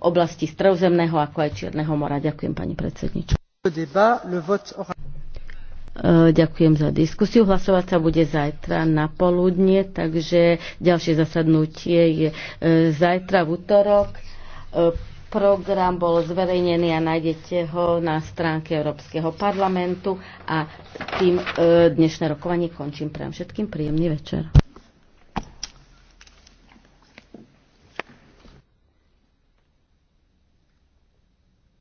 oblasti Stredozemného ako aj Čierneho mora. Ďakujem, pani predsednička. E, ďakujem za diskusiu. Hlasovať sa bude zajtra na poludnie, takže ďalšie zasadnutie je e, zajtra v útorok. E, program bol zverejnený a nájdete ho na stránke Európskeho parlamentu a tým dnešné rokovanie končím. Prajem všetkým príjemný večer.